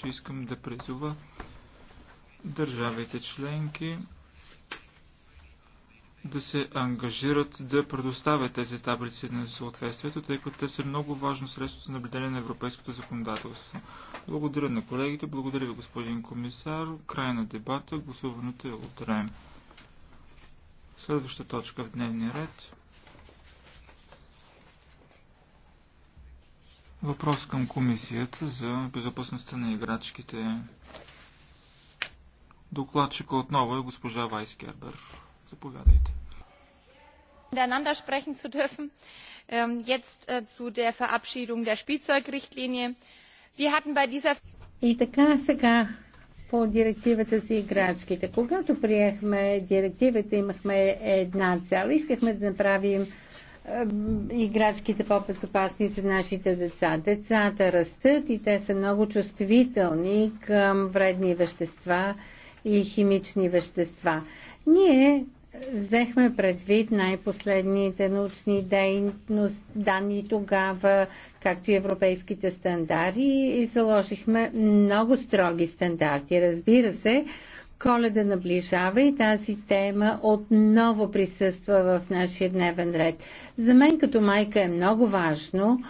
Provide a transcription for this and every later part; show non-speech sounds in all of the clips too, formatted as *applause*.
че искам да призова държавите членки да се ангажират да предоставят тези таблици на съответствието, тъй като те са много важно средство за наблюдение на европейското законодателство. Благодаря на колегите, благодаря ви господин комисар. Край на дебата, гласуването е утре. Следваща точка в дневния ред. Въпрос към комисията за безопасността на играчките. Докладчика отново е госпожа Вайскербер. Заповядайте. miteinander sprechen zu dürfen. Jetzt zu der Verabschiedung der Spielzeugrichtlinie. Wir hatten bei dieser И така сега по директивата за играчките. Когато приехме директивата, имахме една цел. Искахме да направим играчките по-безопасни в нашите деца. Децата растат и те са много чувствителни към вредни вещества и химични вещества. Ние взехме предвид най-последните научни дейност, данни тогава, както и европейските стандарти и заложихме много строги стандарти. Разбира се, Коледа наближава и тази тема отново присъства в нашия дневен ред. За мен като майка е много важно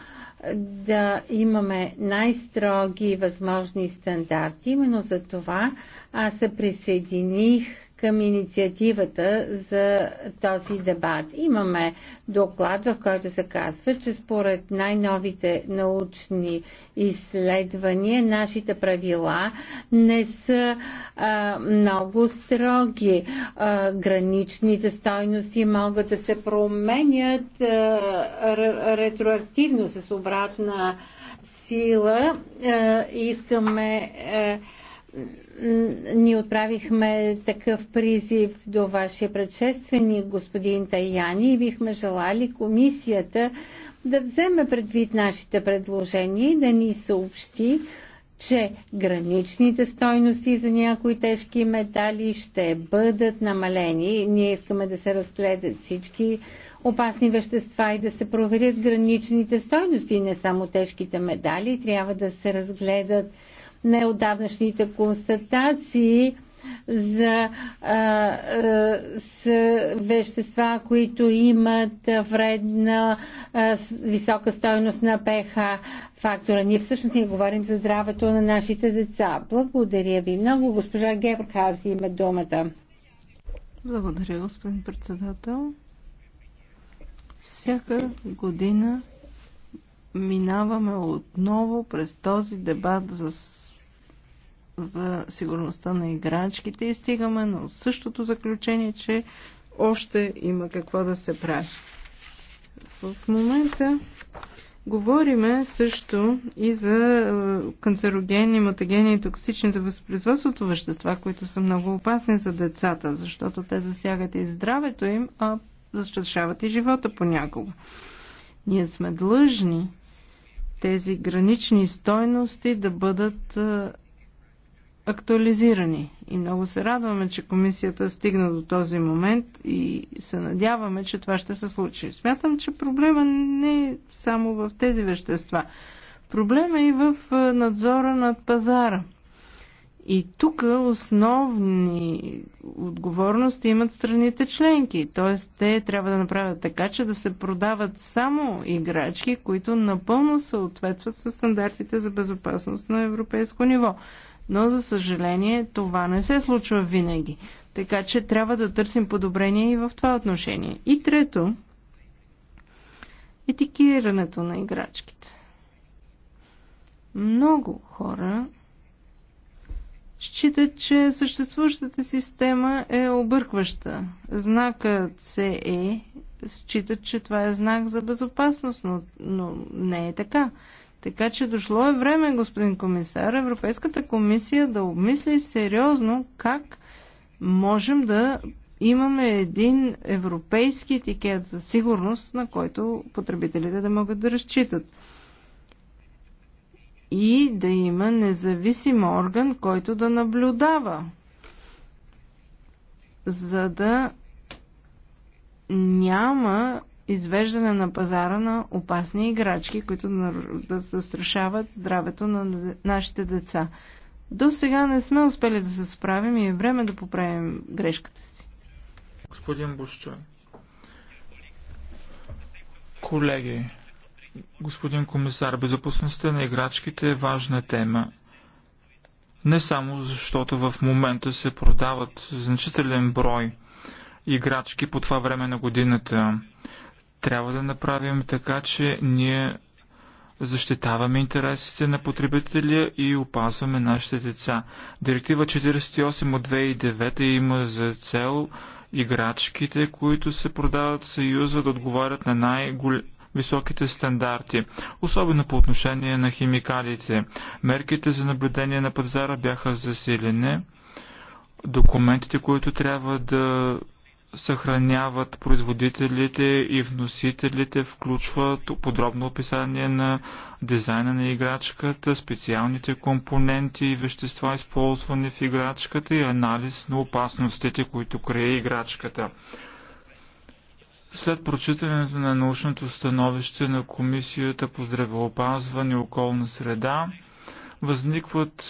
да имаме най-строги възможни стандарти. Именно за това аз се присъединих към инициативата за този дебат. Имаме доклад, в който се казва, че според най-новите научни изследвания нашите правила не са а, много строги. А, граничните стойности могат да се променят а, ретроактивно с обратна сила. А, искаме. А, ни отправихме такъв призив до вашия предшественик, господин Таяни, и бихме желали комисията да вземе предвид нашите предложения и да ни съобщи, че граничните стойности за някои тежки метали ще бъдат намалени. Ние искаме да се разгледат всички опасни вещества и да се проверят граничните стойности, не само тежките медали, трябва да се разгледат неодавнашните констатации за а, а, с вещества, които имат вредна а, висока стойност на ПХ фактора. Ние всъщност не говорим за здравето на нашите деца. Благодаря ви много. Госпожа Гебрхарт има думата. Благодаря, господин председател. Всяка година минаваме отново през този дебат за за сигурността на играчките и стигаме на същото заключение, че още има какво да се прави. В момента говориме също и за е, канцерогени, матогени и токсични за възпроизводството вещества, които са много опасни за децата, защото те засягат и здравето им, а застрашават и живота понякога. Ние сме длъжни тези гранични стойности да бъдат е, актуализирани. И много се радваме, че комисията стигна до този момент и се надяваме, че това ще се случи. Смятам, че проблема не е само в тези вещества. Проблема е и в надзора над пазара. И тук основни отговорности имат страните членки. Т.е. те трябва да направят така, че да се продават само играчки, които напълно съответстват с стандартите за безопасност на европейско ниво. Но, за съжаление, това не се случва винаги. Така че трябва да търсим подобрение и в това отношение. И трето, етикирането на играчките. Много хора считат, че съществуващата система е объркваща. Знакът CE е считат, че това е знак за безопасност, но, но не е така. Така че дошло е време, господин комисар, Европейската комисия да обмисли сериозно как можем да имаме един европейски етикет за сигурност, на който потребителите да могат да разчитат. И да има независим орган, който да наблюдава, за да няма извеждане на пазара на опасни играчки, които да застрашават здравето на нашите деца. До сега не сме успели да се справим и е време да поправим грешката си. Господин Бушчой, колеги, господин комисар, безопасността на играчките е важна тема. Не само защото в момента се продават значителен брой играчки по това време на годината. Трябва да направим така, че ние защитаваме интересите на потребителя и опазваме нашите деца. Директива 48 от 2009 има за цел играчките, които се продават в Съюза, да отговарят на най-високите стандарти, особено по отношение на химикалите. Мерките за наблюдение на пазара бяха засилени. Документите, които трябва да съхраняват производителите и вносителите, включват подробно описание на дизайна на играчката, специалните компоненти и вещества, използвани в играчката и анализ на опасностите, които крие играчката. След прочитането на научното становище на Комисията по здравеопазване и околна среда, възникват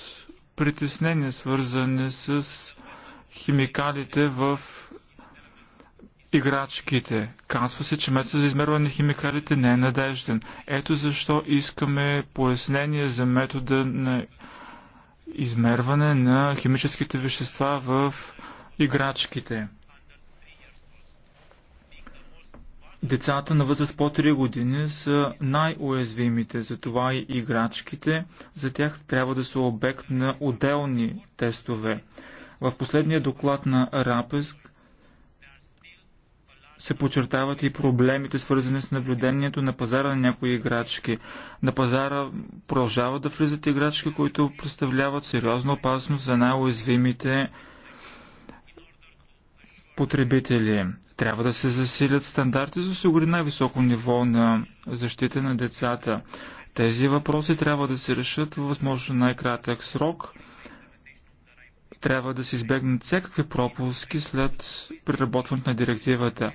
притеснения, свързани с химикалите в играчките. Казва се, че метод за измерване на химикалите не е надежден. Ето защо искаме пояснение за метода на измерване на химическите вещества в играчките. Децата на възраст по 3 години са най-уязвимите, затова и играчките за тях трябва да са обект на отделни тестове. В последния доклад на РАПЕСК се подчертават и проблемите, свързани с наблюдението на пазара на някои играчки. На пазара продължават да влизат играчки, които представляват сериозна опасност за най-уязвимите потребители. Трябва да се засилят стандарти за осигури най-високо ниво на защита на децата. Тези въпроси трябва да се решат във възможно най-кратък срок – трябва да се избегнат всякакви пропуски след преработването на директивата.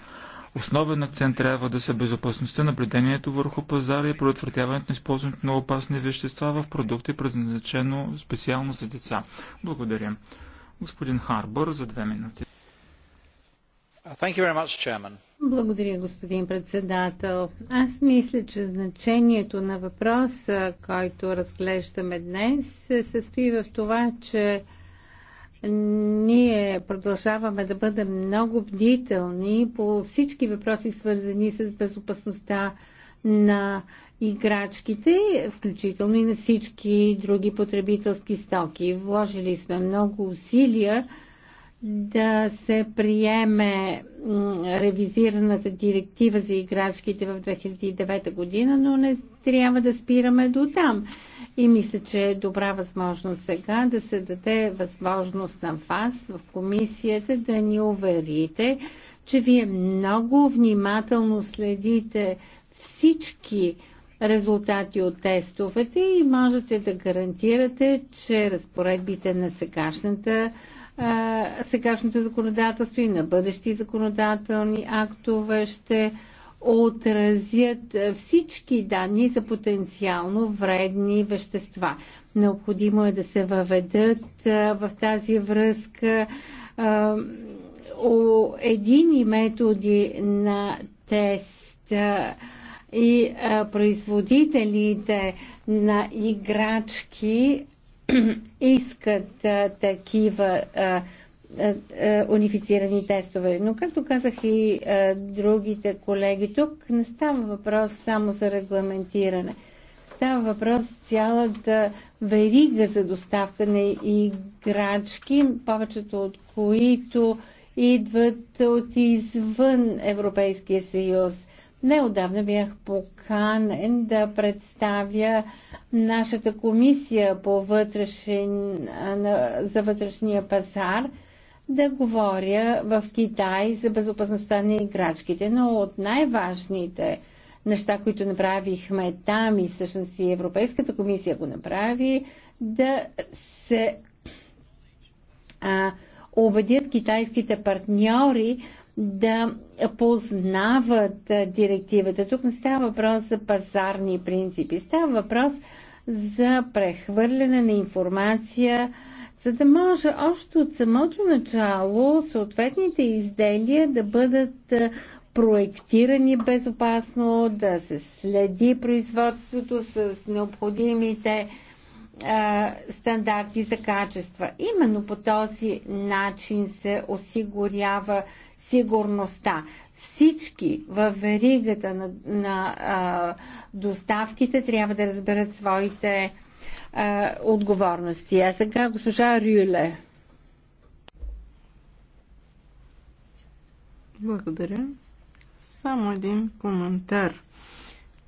Основен акцент трябва да са безопасността, наблюдението върху пазара и предотвратяването на използването на опасни вещества в продукти, предназначено специално за деца. Благодаря. Господин Харбър за две минути. Much, Благодаря, господин председател. Аз мисля, че значението на въпроса, който разглеждаме днес, се състои в това, че ние продължаваме да бъдем много бдителни по всички въпроси, свързани с безопасността на играчките, включително и на всички други потребителски стоки. Вложили сме много усилия да се приеме ревизираната директива за играчките в 2009 година, но не трябва да спираме до там и мисля, че е добра възможност сега да се даде възможност на вас в комисията да ни уверите, че вие много внимателно следите всички резултати от тестовете и можете да гарантирате, че разпоредбите на сегашната сегашното законодателство и на бъдещи законодателни актове ще отразят всички данни за потенциално вредни вещества. Необходимо е да се въведат в тази връзка едини методи на тест и производителите на играчки *clears throat* искат такива е, е, унифицирани тестове. Но както казах и е, другите колеги тук, не става въпрос само за регламентиране. Става въпрос цялата верига за доставка на играчки, повечето от които идват от извън Европейския съюз. Неодавна бях поканен да представя нашата комисия по вътрешен, за вътрешния пазар – да говоря в Китай за безопасността на играчките, но от най-важните неща, които направихме там и всъщност и Европейската комисия го направи, да се а, убедят китайските партньори да познават директивата. Тук не става въпрос за пазарни принципи, става въпрос за прехвърляне на информация за да може още от самото начало съответните изделия да бъдат е, проектирани безопасно, да се следи производството с необходимите а, е, стандарти за качество. Именно по този начин се осигурява сигурността. Всички в веригата на, на а, е, доставките трябва да разберат своите а, отговорности. А сега госпожа Рюле. Благодаря. Само един коментар.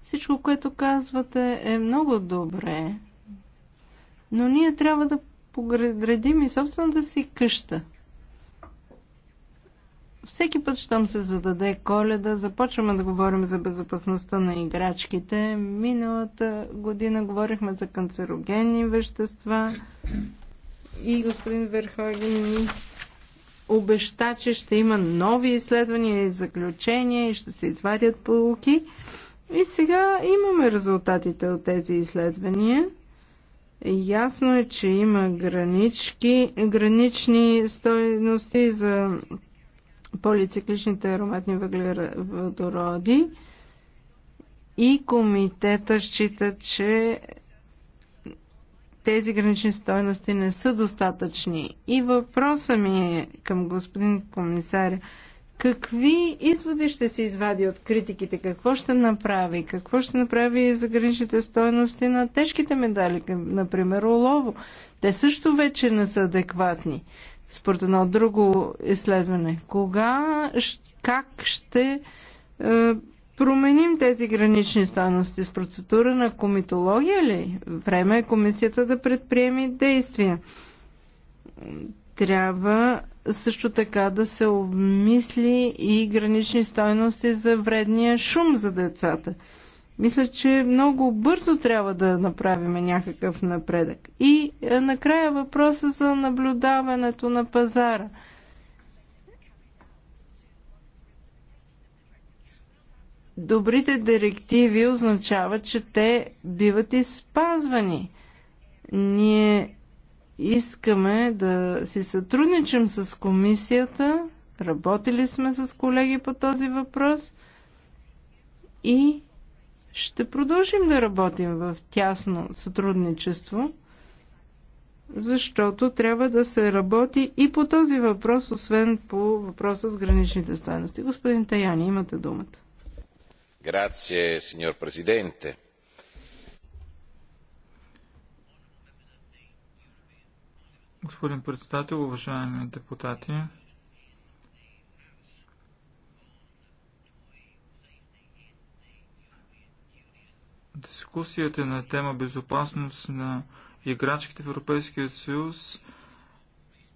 Всичко, което казвате, е много добре, но ние трябва да поградим и собствената си къща всеки път, щом се зададе коледа, започваме да говорим за безопасността на играчките. Миналата година говорихме за канцерогенни вещества и господин Верхоген ни обеща, че ще има нови изследвания и заключения и ще се извадят полуки. И сега имаме резултатите от тези изследвания. Ясно е, че има гранички, гранични стойности за полицикличните ароматни въглеводороди и комитета счита, че тези гранични стойности не са достатъчни. И въпросът ми е към господин комисаря. Какви изводи ще се извади от критиките? Какво ще направи? Какво ще направи за граничните стоености на тежките медали, например олово? Те също вече не са адекватни според едно друго изследване. Кога, как ще е, променим тези гранични стойности с процедура на комитология ли? Време е комисията да предприеми действия. Трябва също така да се обмисли и гранични стойности за вредния шум за децата – мисля, че много бързо трябва да направим някакъв напредък. И е, накрая въпроса за наблюдаването на пазара. Добрите директиви означават, че те биват изпазвани. Ние искаме да си сътрудничим с комисията, работили сме с колеги по този въпрос и ще продължим да работим в тясно сътрудничество, защото трябва да се работи и по този въпрос, освен по въпроса с граничните стоености. Господин Таяни, имате думата. Грация, сеньор президенте. Господин председател, уважаеми депутати, Дискусията е на тема безопасност на играчките в Европейския съюз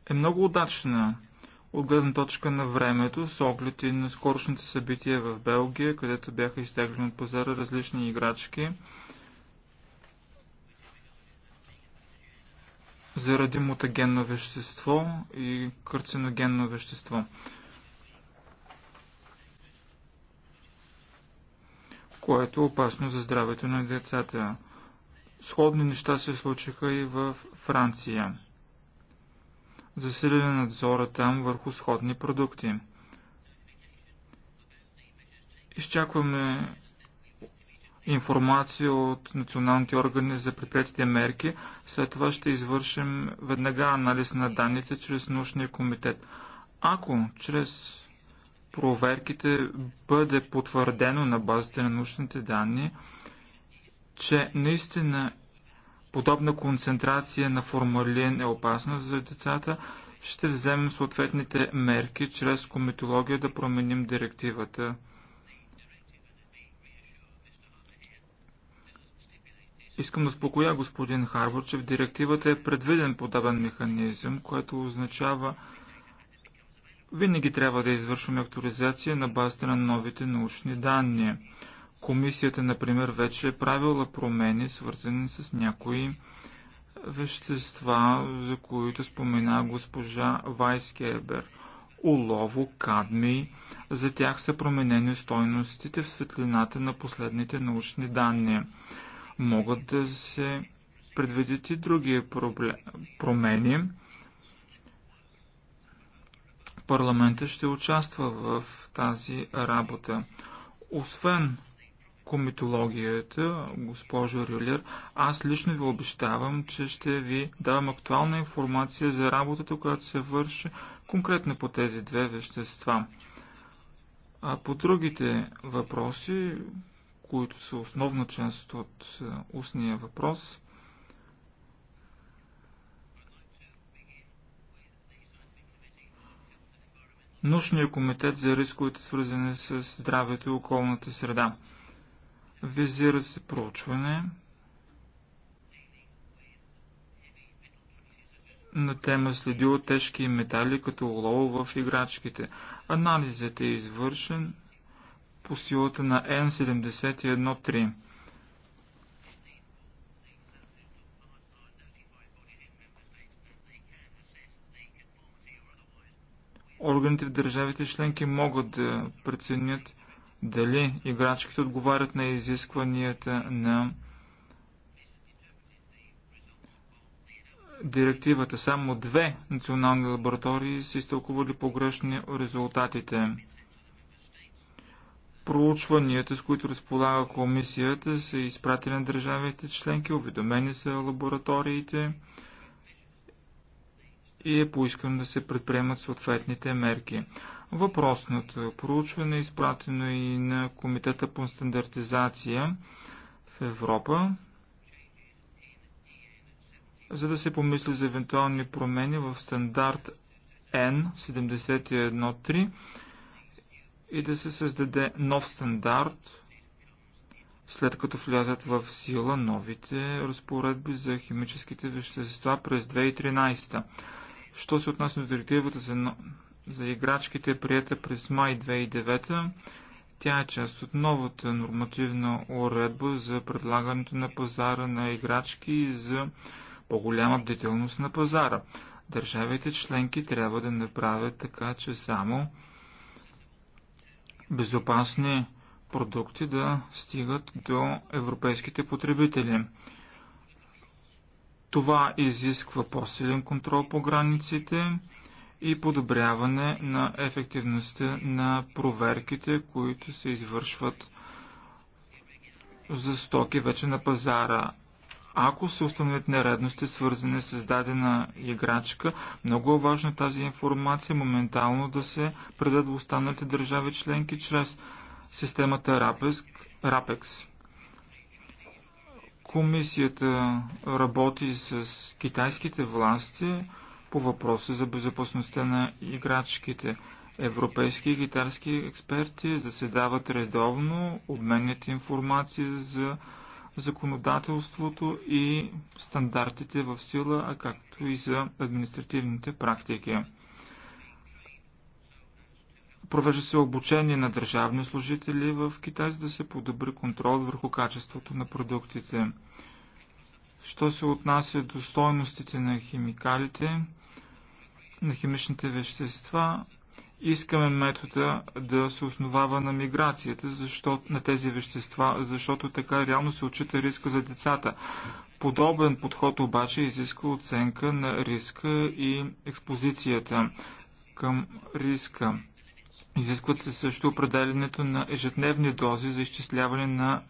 е много удачна от гледна точка на времето, с оглед и на скорошните събития в Белгия, където бяха изтеглени от пазара различни играчки. заради мутагенно вещество и карциногенно вещество. което е опасно за здравето на децата. Сходни неща се случиха и в Франция. Засилили надзора е там върху сходни продукти. Изчакваме информация от националните органи за предприятите мерки. След това ще извършим веднага анализ на данните чрез научния комитет. Ако чрез проверките бъде потвърдено на базата на научните данни, че наистина подобна концентрация на формалин е опасна за децата, ще вземем съответните мерки чрез кометология да променим директивата. Искам да спокоя господин Харбор, че в директивата е предвиден подобен механизъм, което означава, винаги трябва да извършваме актуализация на базата на новите научни данни. Комисията, например, вече е правила промени, свързани с някои вещества, за които спомена госпожа Вайскебер. Олово, кадми, за тях са променени стойностите в светлината на последните научни данни. Могат да се предвидят и други проблем... промени Парламента ще участва в тази работа. Освен комитологията, госпожо Рюлер, аз лично ви обещавам, че ще ви давам актуална информация за работата, която се върши конкретно по тези две вещества. А по другите въпроси, които са основна част от е, устния въпрос, научния комитет за рисковете, свързани с здравето и околната среда. Визира се проучване на тема следи от тежки метали, като олово в играчките. Анализът е извършен по силата на N713. органите в държавите членки могат да преценят дали играчките отговарят на изискванията на директивата. Само две национални лаборатории са изтълкували погрешни резултатите. Проучванията, с които разполага комисията, са изпратени на държавите членки, уведомени са лабораториите и е поискано да се предприемат съответните мерки. Въпросното проучване е изпратено и на Комитета по стандартизация в Европа, за да се помисли за евентуални промени в стандарт N713 и да се създаде нов стандарт, след като влязат в сила новите разпоредби за химическите вещества през 2013. Що се отнася до директивата за, за играчките, прията през май 2009, тя е част от новата нормативна уредба за предлагането на пазара на играчки и за по-голяма бдителност на пазара. Държавите членки трябва да направят така, че само безопасни продукти да стигат до европейските потребители. Това изисква по-силен контрол по границите и подобряване на ефективността на проверките, които се извършват за стоки вече на пазара. Ако се установят нередности, свързани с дадена играчка, много е важно тази информация моментално да се предаде в останалите държави членки чрез системата RAPEX, RAPEX Комисията работи с китайските власти по въпроса за безопасността на играчките. Европейски и китайски експерти заседават редовно, обменят информация за законодателството и стандартите в сила, а както и за административните практики. Провежда се обучение на държавни служители в Китай, за да се подобри контрол върху качеството на продуктите. Що се отнася до стойностите на химикалите, на химичните вещества, искаме метода да се основава на миграцията защото, на тези вещества, защото така реално се отчита риска за децата. Подобен подход обаче изисква оценка на риска и експозицията към риска. Изискват се също определенето на ежедневни дози за изчисляване на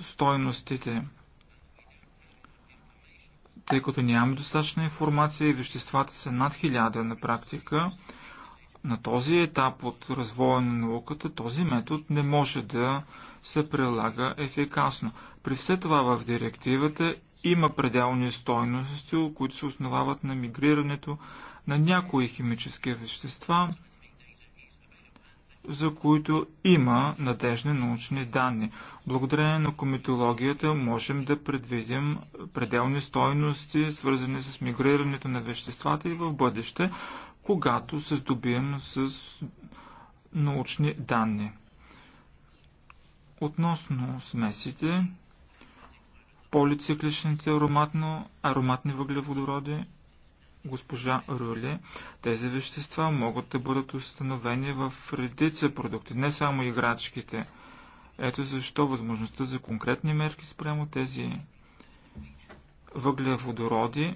стойностите. Тъй като нямаме достатъчна информация и веществата са над хиляда на практика, на този етап от развоя на науката този метод не може да се прилага ефикасно. При все това в директивата има пределни стойности, които се основават на мигрирането на някои химически вещества за които има надежни научни данни. Благодарение на кометологията можем да предвидим пределни стойности, свързани с мигрирането на веществата и в бъдеще, когато се здобием с научни данни. Относно смесите, полицикличните ароматно, ароматни въглеводороди, госпожа Рули, тези вещества могат да бъдат установени в редица продукти, не само играчките. Ето защо възможността за конкретни мерки спрямо тези въглеводороди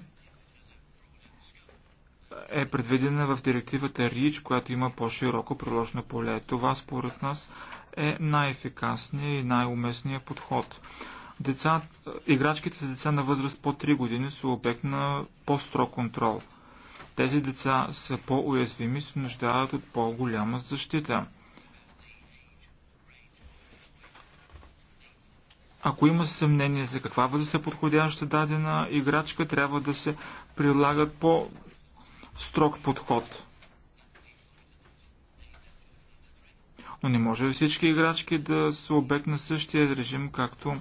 е предвидена в директивата РИЧ, която има по-широко приложно поле. Това според нас е най-ефикасният и най-уместният подход. Деца, играчките за деца на възраст по 3 години са обект на по-строг контрол. Тези деца са по-уязвими и се нуждаят от по-голяма защита. Ако има съмнение за каква възраст е подходяща дадена играчка, трябва да се прилагат по-строг подход. Но не може всички играчки да са обект на същия режим, както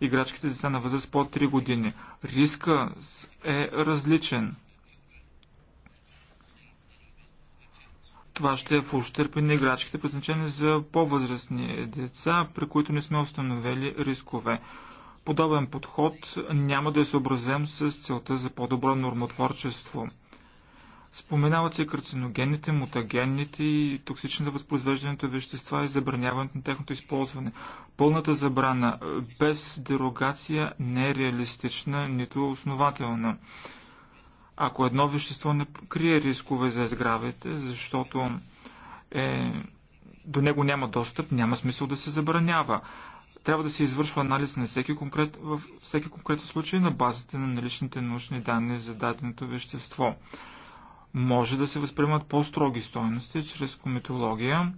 играчките деца на възраст под 3 години. Риска е различен. Това ще е в ущърпи на играчките, предназначени за по-възрастни деца, при които не сме установили рискове. Подобен подход няма да е съобразен с целта за по-добро нормотворчество. Споменават се карциногенните, мутагенните и токсичната възпроизвеждането вещества и забраняването на техното използване. Пълната забрана е, без дерогация не е реалистична, нито е основателна. Ако едно вещество не крие рискове за здравите, защото е, до него няма достъп, няма смисъл да се забранява. Трябва да се извършва анализ на всеки конкрет, във всеки конкретен случай на базата на наличните научни данни за даденото вещество. Може да се възприемат по-строги стоености чрез кометология,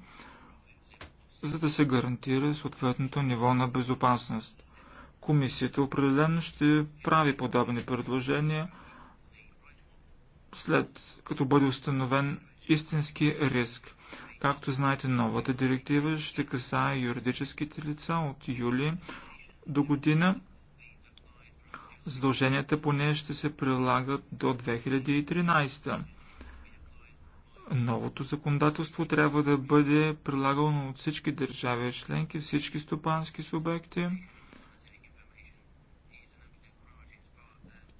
за да се гарантира съответното ниво на безопасност. Комисията определено ще прави подобни предложения, след като бъде установен истински риск. Както знаете, новата директива ще касае юридическите лица от юли до година. Задълженията по нея ще се прилагат до 2013. Новото законодателство трябва да бъде прилагано от всички държави членки, всички стопански субекти.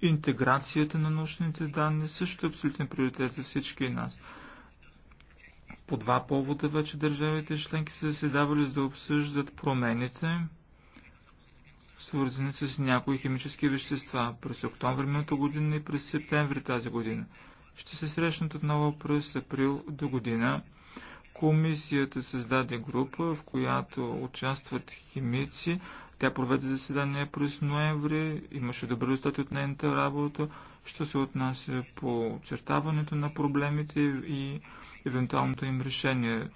Интеграцията на научните данни също е абсолютен приоритет за всички нас. По два повода вече държавите членки са заседавали за да обсъждат промените, свързани с някои химически вещества през октомври миналата година и през септември тази година ще се срещнат отново през април до година. Комисията създаде група, в която участват химици. Тя проведе заседание през ноември, имаше добри резултати от нейната работа, що се отнася по очертаването на проблемите и евентуалното им решение.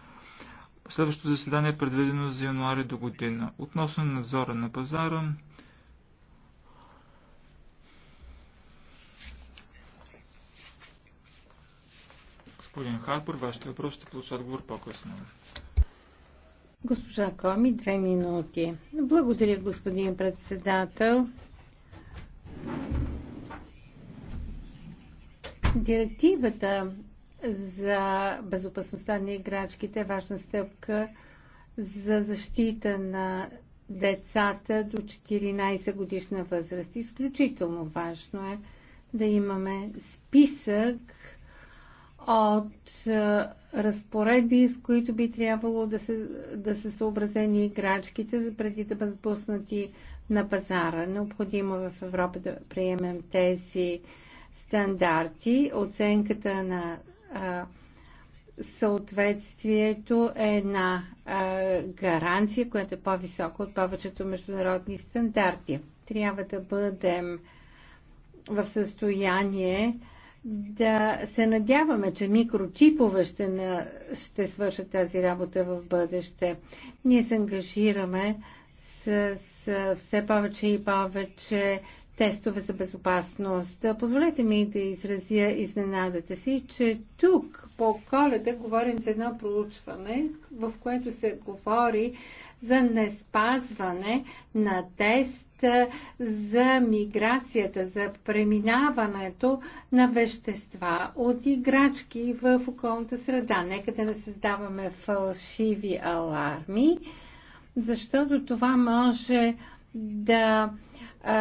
Следващото заседание е предвидено за януари до година. Относно надзора на пазара, Господин Харпор, вашите въпроси ще получат отговор по-късно. Госпожа Коми, две минути. Благодаря, господин председател. Директивата за безопасността на играчките е важна стъпка за защита на децата до 14 годишна възраст. Изключително важно е да имаме списък от разпоредби, с които би трябвало да се, да се съобразени играчките, преди да бъдат пуснати на пазара. Необходимо е в Европа да приемем тези стандарти. Оценката на а, съответствието е една а, гаранция, която е по-висока от повечето международни стандарти. Трябва да бъдем в състояние да се надяваме, че микрочипове ще, на, ще свършат тази работа в бъдеще. Ние се ангажираме с, с все повече и повече тестове за безопасност. Позволете ми да изразя изненадата си, че тук по коледа говорим за едно проучване, в което се говори за неспазване на тест за миграцията, за преминаването на вещества от играчки в околната среда. Нека да не създаваме фалшиви аларми, защото това може да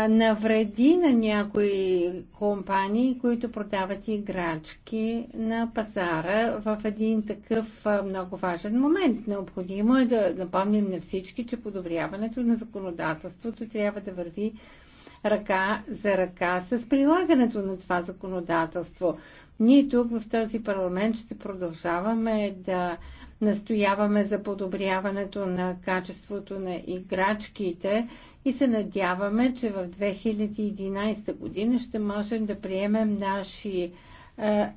навреди на някои компании, които продават играчки на пазара в един такъв много важен момент. Необходимо е да напомним на всички, че подобряването на законодателството трябва да върви ръка за ръка с прилагането на това законодателство. Ние тук в този парламент ще продължаваме да Настояваме за подобряването на качеството на играчките и се надяваме, че в 2011 година ще можем да приемем наши е,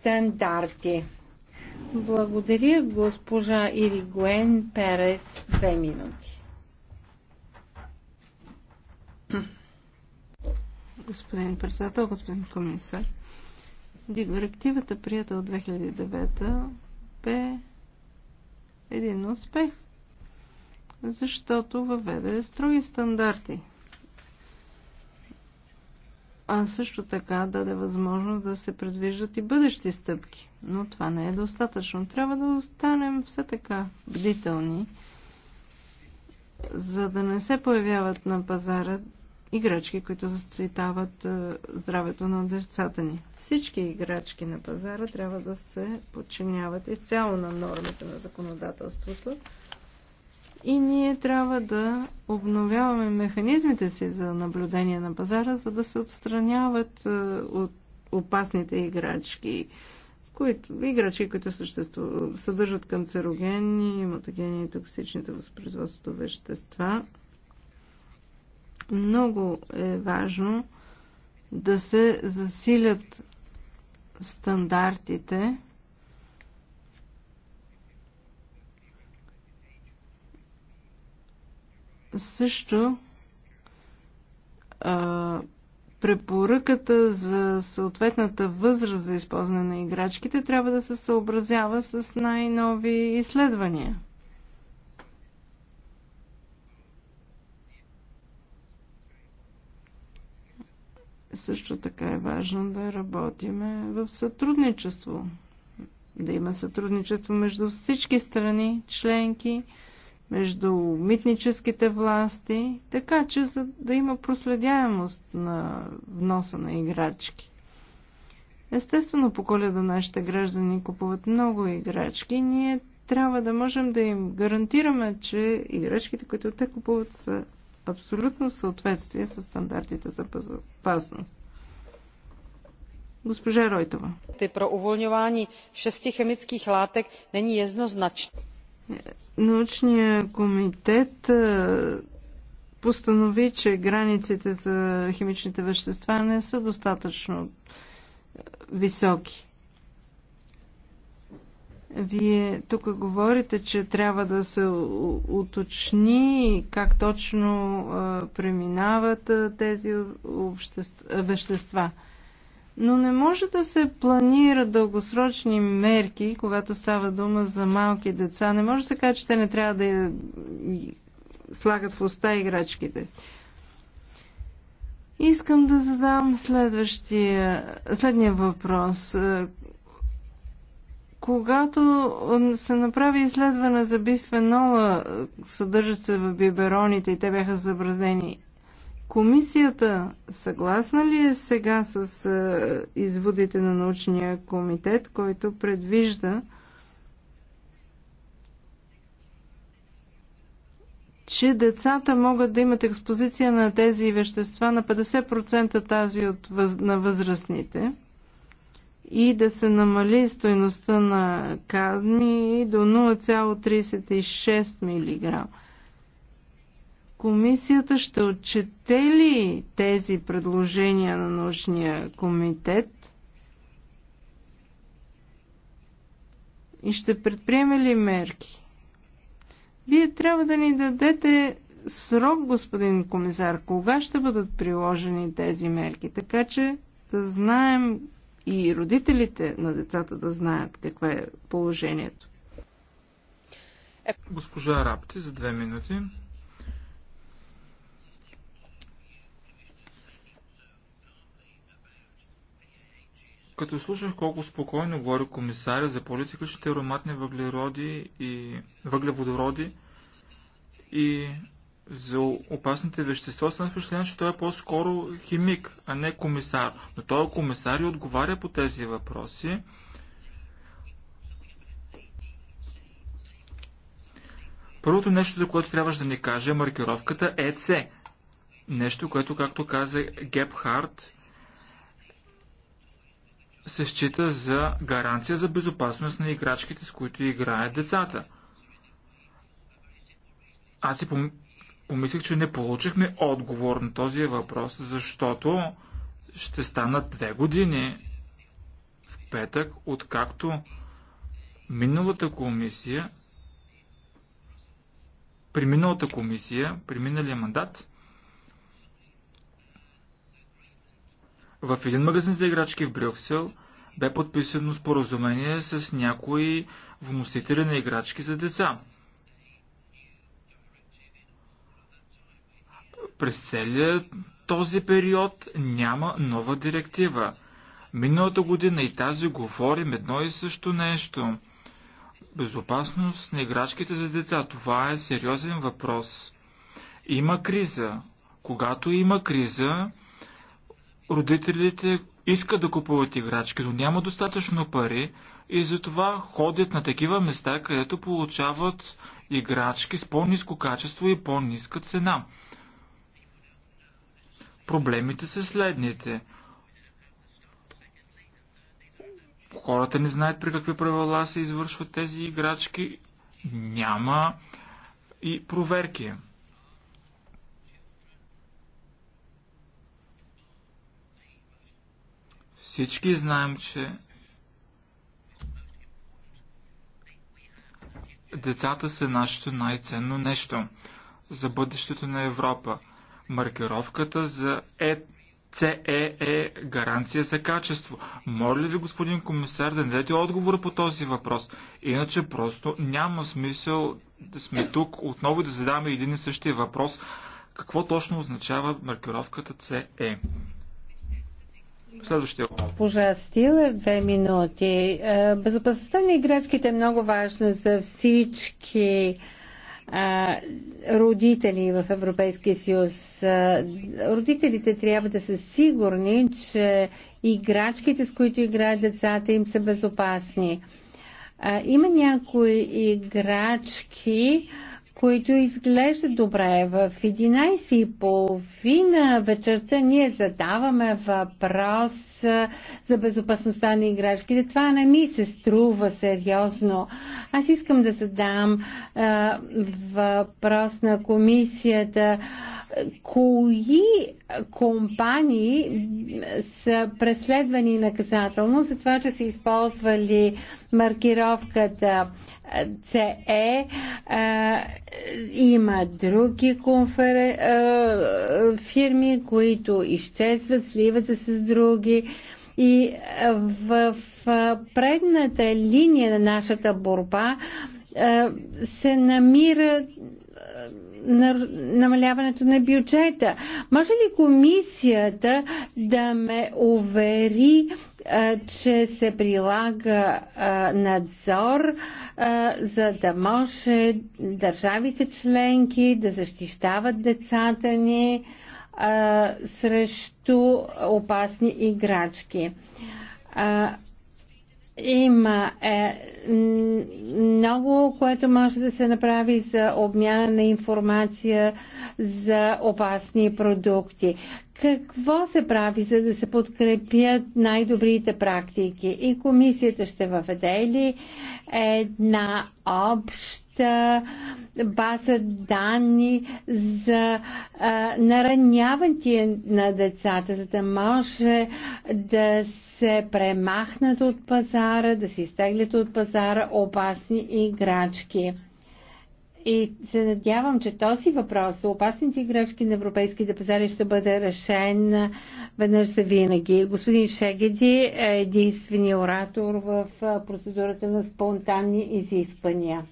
стандарти. Благодаря госпожа Иригуен Перес. Две минути. Господин председател, господин комисар, директивата, прията от 2009, бе един успех, защото въведе строги стандарти. А също така даде възможност да се предвиждат и бъдещи стъпки. Но това не е достатъчно. Трябва да останем все така бдителни, за да не се появяват на пазара играчки, които зацветават е, здравето на децата ни. Всички играчки на пазара трябва да се подчиняват изцяло на нормите на законодателството и ние трябва да обновяваме механизмите си за наблюдение на пазара, за да се отстраняват е, от опасните играчки, които, играчи, които съдържат канцерогени, мутагени и токсичните възпроизводството вещества. Много е важно да се засилят стандартите също а, препоръката за съответната възраст за използване на играчките трябва да се съобразява с най-нови изследвания. Също така е важно да работиме в сътрудничество. Да има сътрудничество между всички страни, членки, между митническите власти, така че за да има проследяемост на вноса на играчки. Естествено, по коледа нашите граждани купуват много играчки. Ние трябва да можем да им гарантираме, че играчките, които те купуват, са абсолютно съответствие с стандартите за безопасност. Госпожа Ройтова. Про уволнювани шести химических латек не е еднозначно. Научният комитет постанови, че границите за химичните вещества не са достатъчно високи. Вие тук говорите, че трябва да се уточни как точно преминават тези вещества. Но не може да се планира дългосрочни мерки, когато става дума за малки деца. Не може да се каже, че те не трябва да слагат в уста играчките. Искам да задам следващия, следния въпрос. Когато се направи изследване за бифенола, е, съдържащ се в бибероните и те бяха забразнени, комисията съгласна ли е сега с е, изводите на научния комитет, който предвижда че децата могат да имат експозиция на тези вещества на 50% тази от въз... на възрастните и да се намали стоеността на кадми до 0,36 мг. Комисията ще отчете ли тези предложения на научния комитет и ще предприеме ли мерки? Вие трябва да ни дадете срок, господин комисар, кога ще бъдат приложени тези мерки, така че да знаем и родителите на децата да знаят какво е положението. Госпожа Рапти за две минути. Като слушах колко спокойно говори комисаря за ще ароматни въглероди и въглеводороди и за опасните вещества, съм впечатлен, че той е по-скоро химик, а не комисар. Но той е комисар и отговаря по тези въпроси. Първото нещо, за което трябваше да ни каже, е маркировката ЕЦ. Нещо, което, както каза Гепхарт, се счита за гаранция за безопасност на играчките, с които играят децата. Аз си Помислих, че не получихме отговор на този въпрос, защото ще станат две години в петък, откакто миналата комисия, при миналата комисия, при миналия мандат, в един магазин за играчки в Брюксел бе подписано споразумение с някои вносители на играчки за деца – През целия този период няма нова директива. Миналата година и тази говорим едно и също нещо. Безопасност на играчките за деца. Това е сериозен въпрос. Има криза. Когато има криза, родителите искат да купуват играчки, но няма достатъчно пари и затова ходят на такива места, където получават играчки с по-низко качество и по-низка цена. Проблемите са следните. Хората не знаят при какви правила се извършват тези играчки. Няма и проверки. Всички знаем, че децата са нашето най-ценно нещо за бъдещето на Европа. Маркировката за е, CE е, е гаранция за качество. Моля ли ви, господин комисар, да не дадете отговор по този въпрос? Иначе просто няма смисъл да сме тук отново да задаваме един и същия въпрос. Какво точно означава маркировката CE? Е? Следващия Пожа Стилер, две минути. Е, безопасността на играчките е много важна за всички родители в Европейския съюз. Родителите трябва да са сигурни, че играчките, с които играят децата им, са безопасни. Има някои играчки, които изглеждат добре. В 11.30 вечерта ние задаваме въпрос за безопасността на играчките. Това не ми се струва сериозно. Аз искам да задам въпрос на комисията кои компании са преследвани наказателно за това, че са използвали маркировката CE. Е? Има други конфер... фирми, които изчезват, сливат се с други. И в предната линия на нашата борба се намират на намаляването на бюджета. Може ли комисията да ме увери, че се прилага надзор, за да може държавите членки да защищават децата ни срещу опасни играчки? Има е, много, което може да се направи за обмяна на информация за опасни продукти. Какво се прави, за да се подкрепят най-добрите практики? И комисията ще въведе ли една обща база данни за а, нараняване на децата, за да може да се премахнат от пазара, да се изтеглят от пазара опасни играчки? И се надявам, че този въпрос за опасните играчки на европейските пазари ще бъде решен веднъж за винаги. Господин Шегеди е единствения оратор в процедурата на спонтанни изисквания.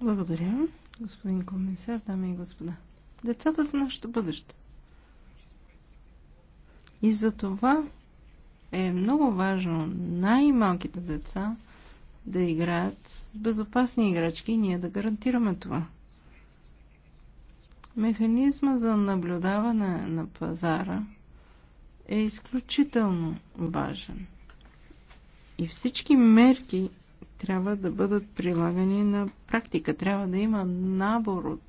Благодаря, господин комисар, дами и господа. Децата са нашето бъдеще. И за това е много важно най-малките деца да играят с безопасни играчки и ние да гарантираме това. Механизма за наблюдаване на пазара е изключително важен. И всички мерки трябва да бъдат прилагани на практика. Трябва да има набор от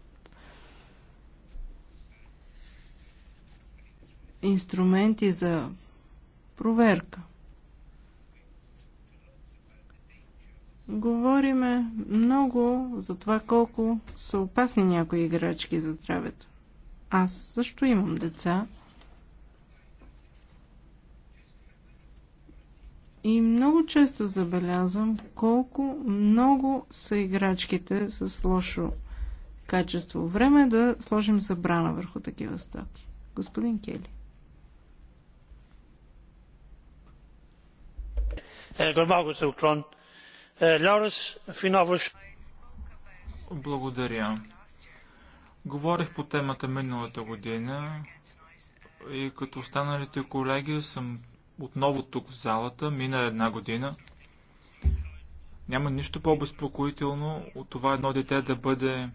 инструменти за проверка. Говориме много за това колко са опасни някои играчки за здравето. Аз също имам деца. И много често забелязвам колко много са играчките с лошо качество. Време е да сложим забрана върху такива стоки. Господин Кели. Благодаря. Говорих по темата миналата година и като останалите колеги съм отново тук в залата, мина една година. Няма нищо по-безпокоително от това едно дете да бъде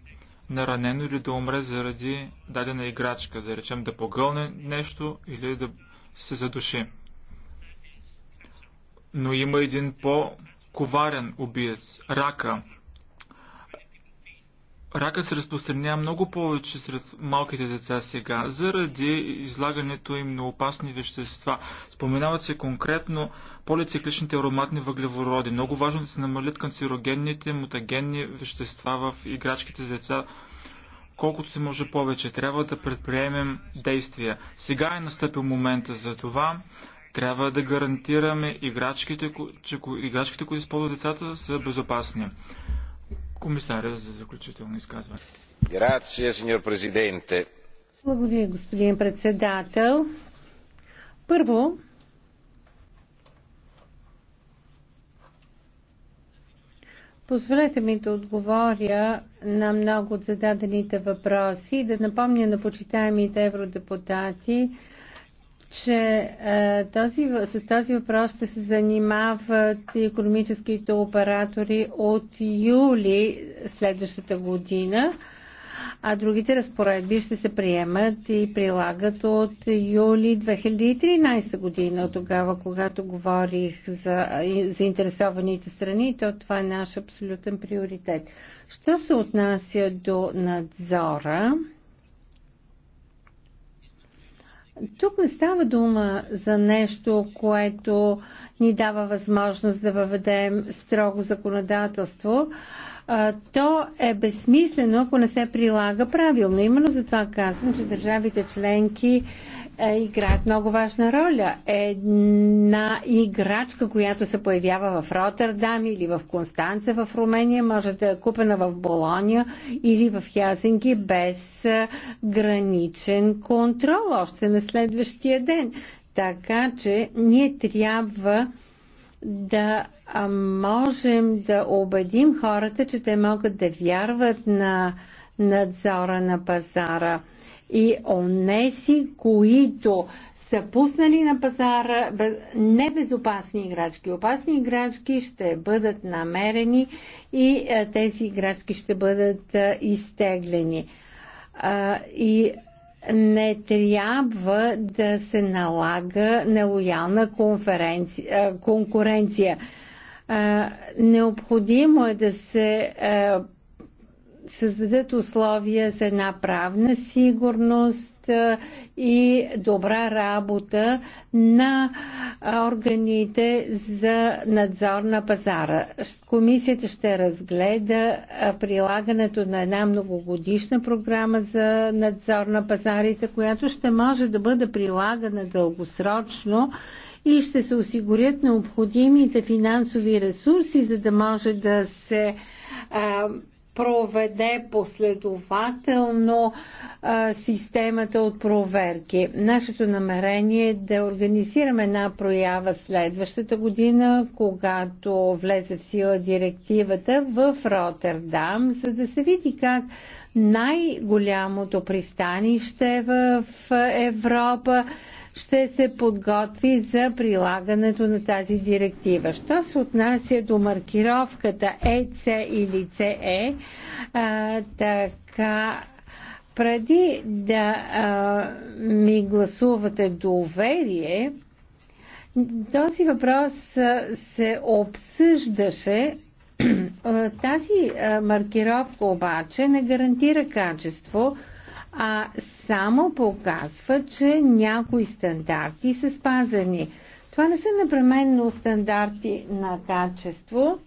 наранено или да умре заради дадена играчка, да речем да погълне нещо или да се задуши. Но има един по-коварен убиец – рака. Ракът се разпространява много повече сред малките деца сега, заради излагането им на опасни вещества. Споменават се конкретно полицикличните ароматни въглевороди. Много важно да се намалят канцерогенните, мутагенни вещества в играчките за деца, колкото се може повече. Трябва да предприемем действия. Сега е настъпил момента за това. Трябва да гарантираме играчките, че играчките, които използват децата, са безопасни. Комисаря за заключително изказване. Грация, сеньор президенте. Благодаря, господин председател. Първо, Позволете ми да отговоря на много от зададените въпроси и да напомня на почитаемите евродепутати, че е, този, с този въпрос ще се занимават економическите оператори от юли следващата година, а другите разпоредби ще се приемат и прилагат от юли 2013 година, тогава, когато говорих за заинтересованите страни, то това е наш абсолютен приоритет. Що се отнася до надзора, тук не става дума за нещо, което ни дава възможност да въведем строго законодателство то е безсмислено, ако не се прилага правилно. Именно за това казвам, че държавите членки е, играят много важна роля. Една играчка, която се появява в Роттердам или в Констанца в Румения, може да е купена в Болония или в Хелсинки без е, граничен контрол още на следващия ден. Така че ние трябва да можем да убедим хората, че те могат да вярват на надзора на пазара. И онези, които са пуснали на пазара небезопасни играчки. Опасни играчки ще бъдат намерени и е, тези играчки ще бъдат е, изтеглени. И не трябва да се налага нелоялна конкуренция. Необходимо е да се създадат условия за една правна сигурност, и добра работа на органите за надзор на пазара. Комисията ще разгледа прилагането на една многогодишна програма за надзор на пазарите, която ще може да бъде прилагана дългосрочно и ще се осигурят необходимите финансови ресурси, за да може да се а, проведе последователно а, системата от проверки. Нашето намерение е да организираме една проява следващата година, когато влезе в сила директивата в Роттердам, за да се види как най-голямото пристанище в Европа ще се подготви за прилагането на тази директива. Що се отнася до маркировката ЕЦ или CE, е, а, така преди да а, ми гласувате доверие, този въпрос а, се обсъждаше. Тази а, маркировка обаче не гарантира качество, а само показва, че някои стандарти са спазени. Това не са непременно стандарти на качество,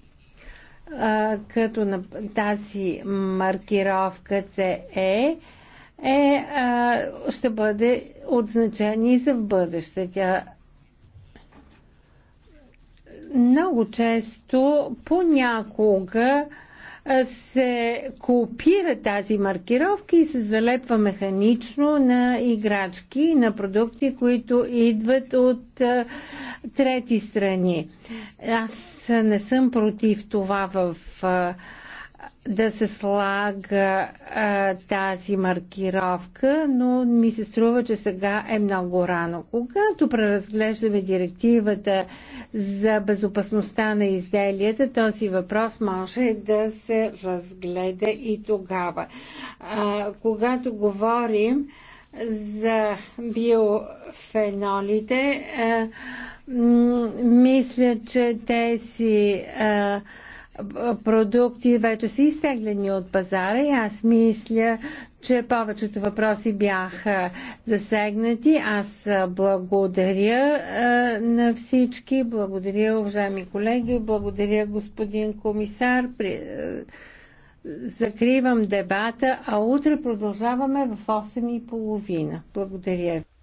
а, като на тази маркировка CE е, а, ще бъде от значение за в бъдеще. Тя много често, понякога, се копира тази маркировка и се залепва механично на играчки, на продукти, които идват от трети страни. Аз не съм против това в да се слага а, тази маркировка, но ми се струва, че сега е много рано. Когато преразглеждаме директивата за безопасността на изделията, този въпрос може да се разгледа и тогава. А, когато говорим за биофенолите, а, мисля, че тези а, продукти вече са изтеглени от пазара и аз мисля, че повечето въпроси бяха засегнати. Аз благодаря на всички, благодаря, уважаеми колеги, благодаря, господин комисар. Закривам дебата, а утре продължаваме в 8.30. Благодаря ви.